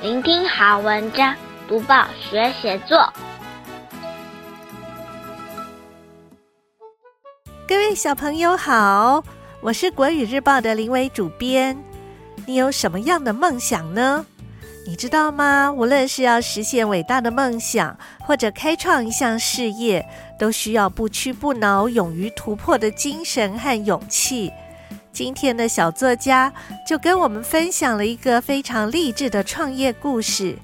聆聽好文章，讀報學寫作。各位小朋友好，我是國語日報的林偉主編。你有什麼樣的夢想呢？你知道嗎？無論是要實現偉大的夢想，或者開創一項事業，都需要不屈不撓、勇於突破的精神和勇氣。今天的小作家就跟我們分享了一個非常勵志的創業故事，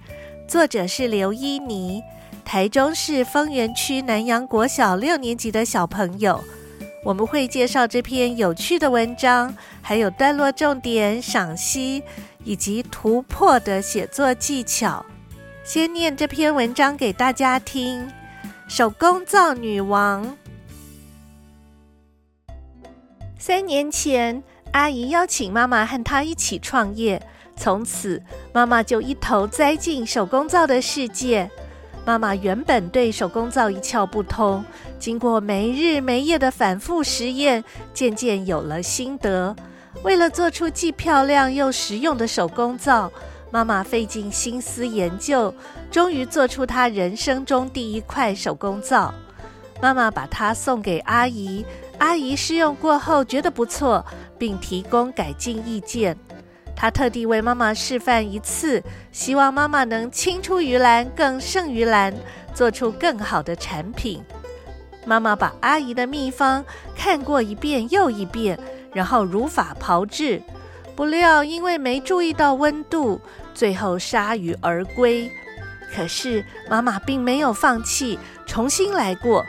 作者是劉依妮，台中市豐原區南陽國小六年級的小朋友。我們會介紹這篇有趣的文章，還有段落重點賞析以及突破的寫作技巧。先念這篇文章給大家聽：手工皂女王。三年前，阿姨邀請媽媽和她一起創業。從此，媽媽就一頭栽進手工皂的世界。媽媽原本對手工皂一竅不通，經過沒日沒夜的反覆實驗，漸漸有了心得。為了做出既漂亮又實用的手工皂，媽媽費盡心思研究，終於做出她人生中第一塊手工皂。媽媽把它送給阿姨。阿姨試用過後覺得不錯，並提供改進意見。她特地為媽媽示範一次，希望媽媽能青出於藍，更勝於藍，做出更好的產品。媽媽把阿姨的秘方看過一遍又一遍，然後如法炮製。不料因為沒注意到溫度，最後鎩羽而歸。可是媽媽並沒有放棄，重新來過。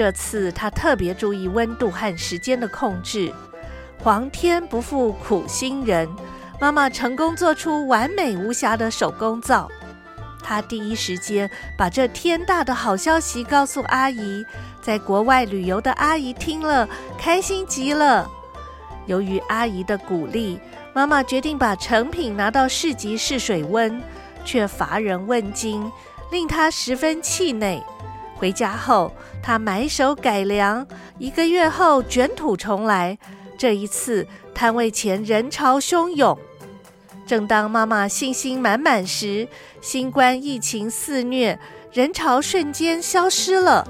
這次她特別注意溫度和時間的控制，皇天不負苦心人，媽媽成功做出完美無瑕的手工皂。她第一時間把這天大的好消息告訴阿姨，在國外旅遊的阿姨聽了開心極了。由於阿姨的鼓勵，媽媽決定把成品拿到市集試水溫，卻乏人問津，令她十分氣餒。回家後，她埋首改良。一個月後，捲土重來。這一次，攤位前人潮洶湧。正當媽媽信心滿滿時，新冠疫情肆虐，人潮瞬間消失了。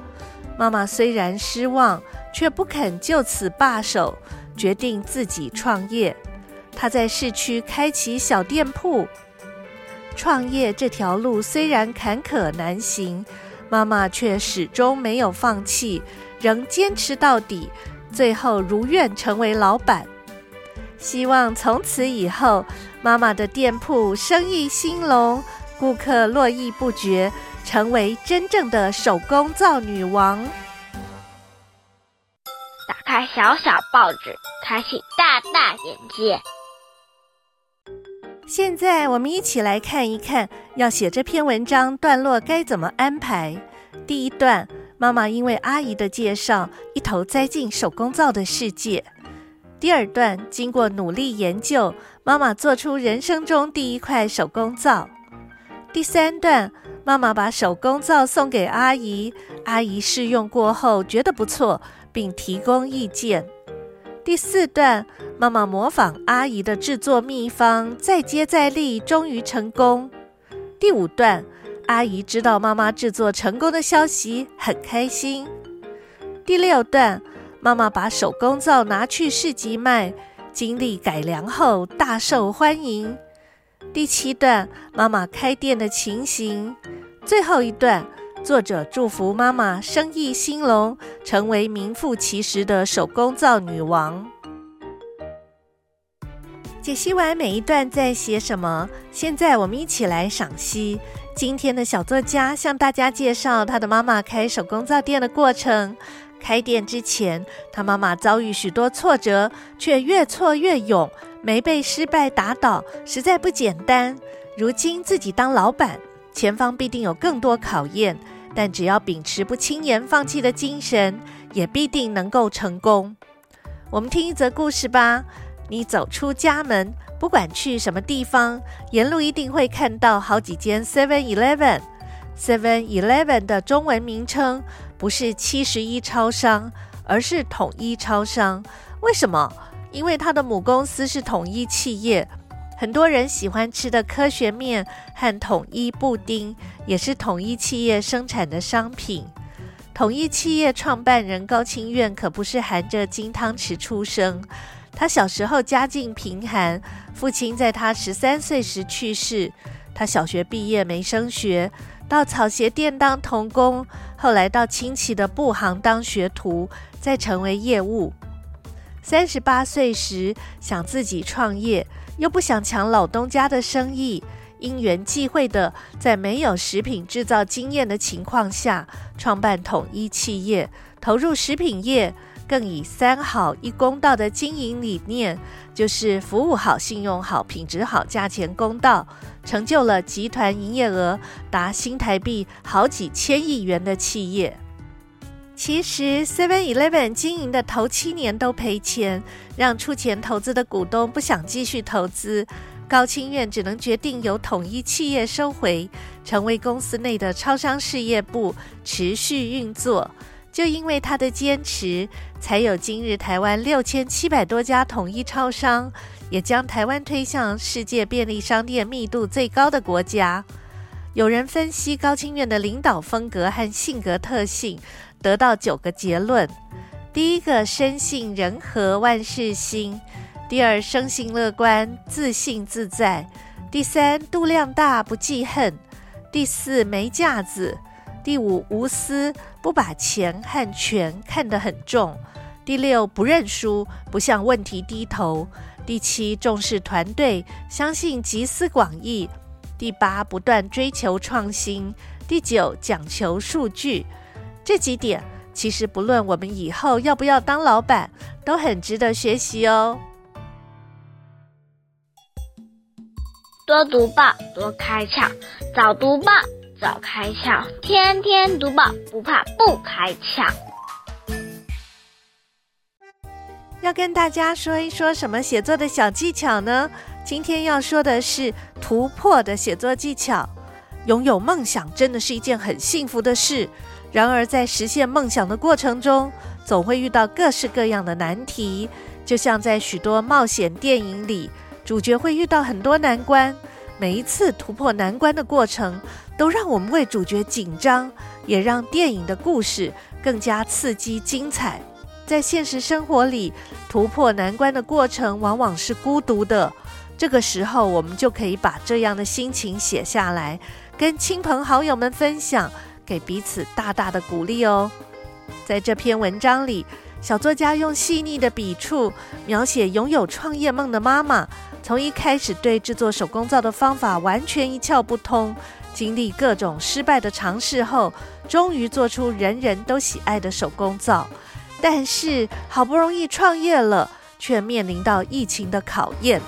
媽媽雖然失望，卻不肯就此罷手，決定自己創業。她在市區開起小店鋪。創業這條路雖然坎坷難行。媽媽卻始終沒有放棄，仍堅持到底，最後如願成為老板。希望從此以後，媽媽的店鋪生意興隆，顧客絡繹不絕，成為真正的手工皂女王。打開小小報紙，開啟大大眼界。現在我們一起來看一看，要寫這篇文章段落該怎麼安排。第一段，媽媽因為阿姨的介紹，一頭栽進手工皂的世界。第二段，經過努力研究，媽媽做出人生中第一塊手工皂。第三段，媽媽把手工皂送給阿姨，阿姨試用過後覺得不錯，並提供意見。第四段，媽媽模仿阿姨的製作祕方，再接再厲，終於成功。第五段，阿姨知道媽媽製作成功的消息，很開心。第六段，媽媽把手工皂拿去市集賣，經歷改良後大受歡迎。第七段，媽媽開店的情形。最後一段。作者祝福媽媽生意興隆，成為名副其實的手工皂女王。解析完每一段在寫什麼，現在我們一起來賞析。今天的小作家向大家介紹他的媽媽開手工皂店的過程。開店之前，他媽媽遭遇許多挫折，却越挫越勇，沒被失敗打倒，實在不簡單。如今自己當老闆。前方必定有更多考驗，但只要秉持不輕言放棄的精神，也必定能夠成功。我們聽一則故事吧。你走出家門，不管去什麼地方，沿路一定會看到好幾間 Seven Eleven。Seven Eleven 的中文名稱不是七十一超商，而是統一超商。為什麼？因為它的母公司是統一企業。很多人喜歡吃的科學麵和統一布丁也是統一企業生產的商品。統一企業創辦人高清願可不是含着金湯匙出生，他小時候家境貧寒，父親在他十三歲時去世，他小學畢業沒升學，到草鞋店當童工，後來到親戚的布行當學徒，再成為業務。三十八歲時想自己創業，又不想搶老東家的生意，因緣際會的，在沒有食品制造經驗的情況下，創辦統一企業，投入食品業，更以三好一公道的經營理念，就是服務好、信用好、品質好、價錢公道，成就了集團營業額達新台幣好幾千億元的企業。其實，Seven Eleven 經營的頭七年都賠錢，讓出錢投資的股東不想繼續投資。高清願只能決定由統一企業收回，成為公司內的超商事業部，持續運作。就因為他的堅持，才有今日台灣六千七百多家統一超商，也將台灣推向世界便利商店密度最高的國家。有人分析高清願的領導風格和性格特性。得到九個結論：第一個，深信人和，萬事興；第二，生性樂觀，自信自在；第三，度量大，不記恨；第四，沒架子；第五，無私，不把錢和權看得很重；第六，不認輸，不向問題低頭；第七，重視團隊，相信集思廣益；第八，不斷追求創新；第九，講求數據。這幾點其實不論我們以後要不要當老闆，都很值得學習哦。多讀報，多開竅；早讀報，早開竅；天天讀報，不怕不開竅。要跟大家說一說什麼寫作的小技巧呢？今天要說的是突破的寫作技巧。擁有夢想，真的是一件很幸福的事。然而，在實現夢想的過程中，總會遇到各式各樣的難題。就像在許多冒險電影裡，主角會遇到很多難關。每一次突破難關的過程，都讓我們為主角緊張，也讓電影的故事更加刺激精彩。在現實生活裡，突破難關的過程往往是孤獨的。這個時候，我們就可以把這樣的心情寫下來，跟親朋好友們分享。給彼此大大的鼓勵哦！在這篇文章裡，小作家用細膩的筆觸描寫擁有創業夢的媽媽，從一開始對製作手工皂的方法完全一竅不通，經歷各種失敗的嘗試後，終於做出人人都喜愛的手工皂。但是好不容易創業了，卻面臨到疫情的考驗。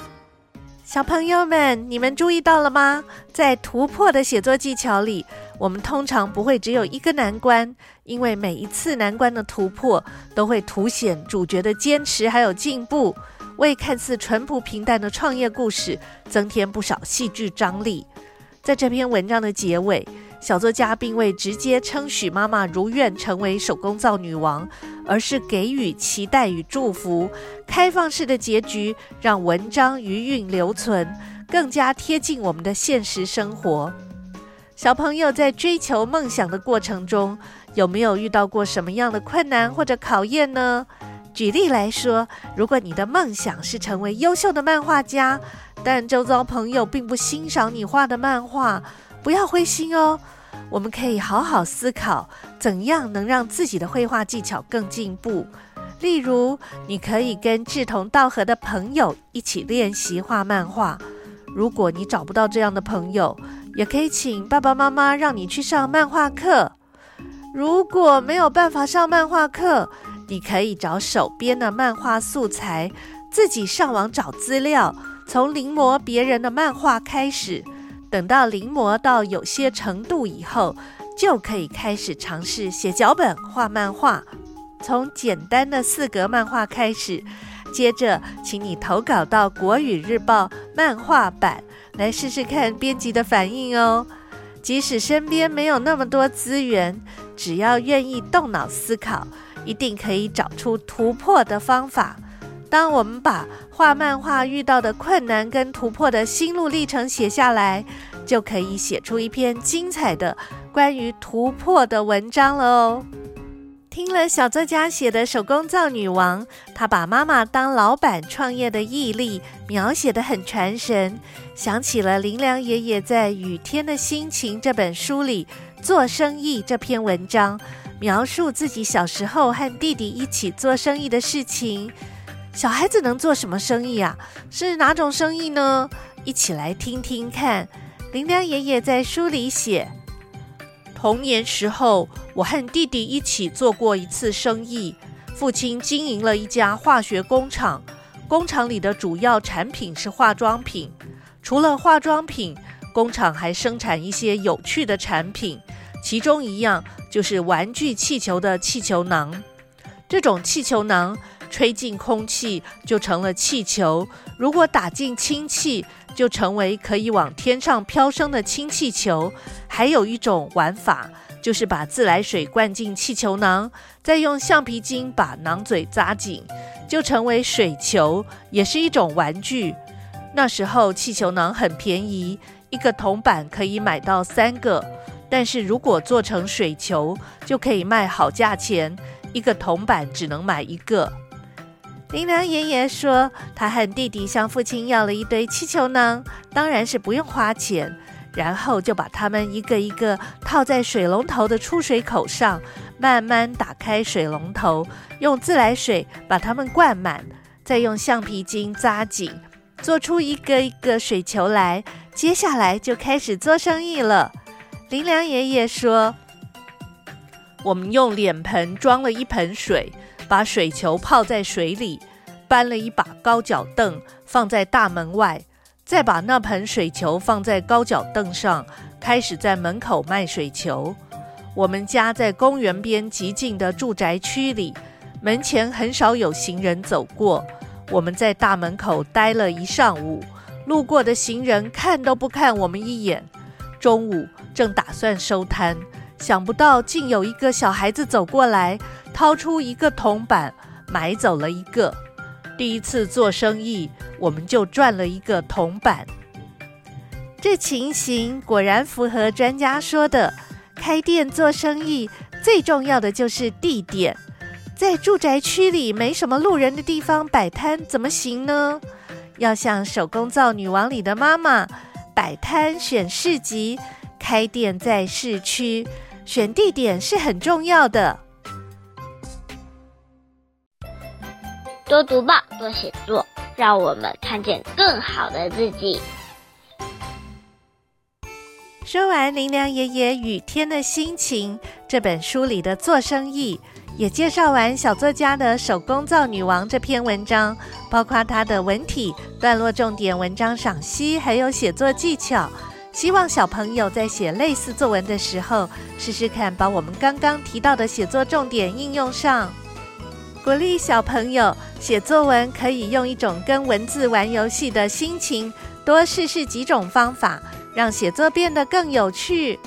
小朋友們，你們注意到了嗎？在突破的寫作技巧裡，我們通常不會只有一個難關，因為每一次難關的突破，都會凸顯主角的堅持還有進步，為看似淳樸平淡的創業故事增添不少戲劇張力。在這篇文章的結尾，小作家並未直接稱許媽媽如願成為手工皂女王，而是給予期待與祝福。開放式的結局讓文章餘韻留存，更加貼近我們的現實生活。小朋友在追求夢想的過程中，有沒有遇到過什麼樣的困難或者考驗呢？舉例來說，如果你的夢想是成為優秀的漫畫家，但周遭朋友並不欣賞你畫的漫畫，不要灰心哦！我們可以好好思考，怎樣能讓自己的繪畫技巧更進步。例如，你可以跟志同道合的朋友一起練習畫漫畫。如果你找不到這樣的朋友，也可以請爸爸媽媽讓你去上漫畫課。如果沒有辦法上漫畫課，你可以找手邊的漫畫素材，自己上網找資料，從臨摹別人的漫畫開始。等到臨摹到有些程度以後，就可以開始嘗試寫腳本、畫漫畫。從簡單的四格漫畫開始，接着請你投稿到《國語日報》漫畫版。來試試看編輯的反應哦。即使身邊沒有那麼多資源，只要願意動腦思考，一定可以找出突破的方法。當我們把畫漫畫遇到的困難跟突破的心路歷程寫下來，就可以寫出一篇精彩的關於突破的文章了哦。聽了小作家寫的手工皂女王，她把媽媽當老闆創業的毅力描寫得很傳神，想起了林良爺爺在《雨天的心晴》這本書裡《做生意》這篇文章，描述自己小時候和弟弟一起做生意的事情。小孩子能做什麼生意啊？是哪種生意呢？一起來聽聽看林良爺爺在書裡寫。童年時候，我和弟弟一起做過一次生意。父親經營了一家化學工廠，工廠裡的主要產品是化妝品。除了化妝品，工廠還生產一些有趣的產品，其中一樣就是玩具氣球的氣球囊。這種氣球囊，吹進空氣就成了氣球，如果打進氫氣，就成為可以往天上飄升的氫氣球。還有一種玩法，就是把自來水灌進氣球囊，再用橡皮筋把囊嘴扎緊，就成為水球，也是一種玩具。那時候氣球囊很便宜，一個銅板可以買到三個，但是如果做成水球，就可以賣好價錢，一個銅板只能買一個。林良爺爺說：“他和弟弟向父親要了一堆氣球囊，當然是不用花錢。然後就把它們一個一個套在水龍頭的出水口上，慢慢打開水龍頭，用自來水把它們灌滿，再用橡皮筋扎緊，做出一個一個水球來。接下來就開始做生意了。”林良爺爺說：“我們用臉盆裝了一盆水。”把水球泡在水裡，搬了一把高腳凳放在大門外，再把那盆水球放在高腳凳上，開始在門口賣水球。我們家在公園邊極近的住宅區裡，門前很少有行人走過。我們在大門口待了一上午，路過的行人看都不看我們一眼。中午正打算收攤，想不到竟有一個小孩子走過來。掏出一個銅板，買走了一個。第一次做生意，我們就賺了一個銅板。這情形果然符合專家說的：開店做生意最重要的就是地點。在住宅區裡沒什麼路人的地方擺攤怎麼行呢？要像《手工皂女王》裡的媽媽，擺攤選市集，開店在市區，選地點是很重要的。多讀報，多寫作，讓我們看見更好的自己。說完林良爺爺《雨天的心晴》這本書裡的做生意，也介紹完小作家的《手工皂女王》這篇文章，包括它的文體、段落重點、文章賞析，還有寫作技巧。希望小朋友在寫類似作文的時候，試試看把我們剛剛提到的寫作重點應用上。鼓勵小朋友。寫作文可以用一種跟文字玩遊戲的心情，多試試幾種方法，讓寫作變得更有趣。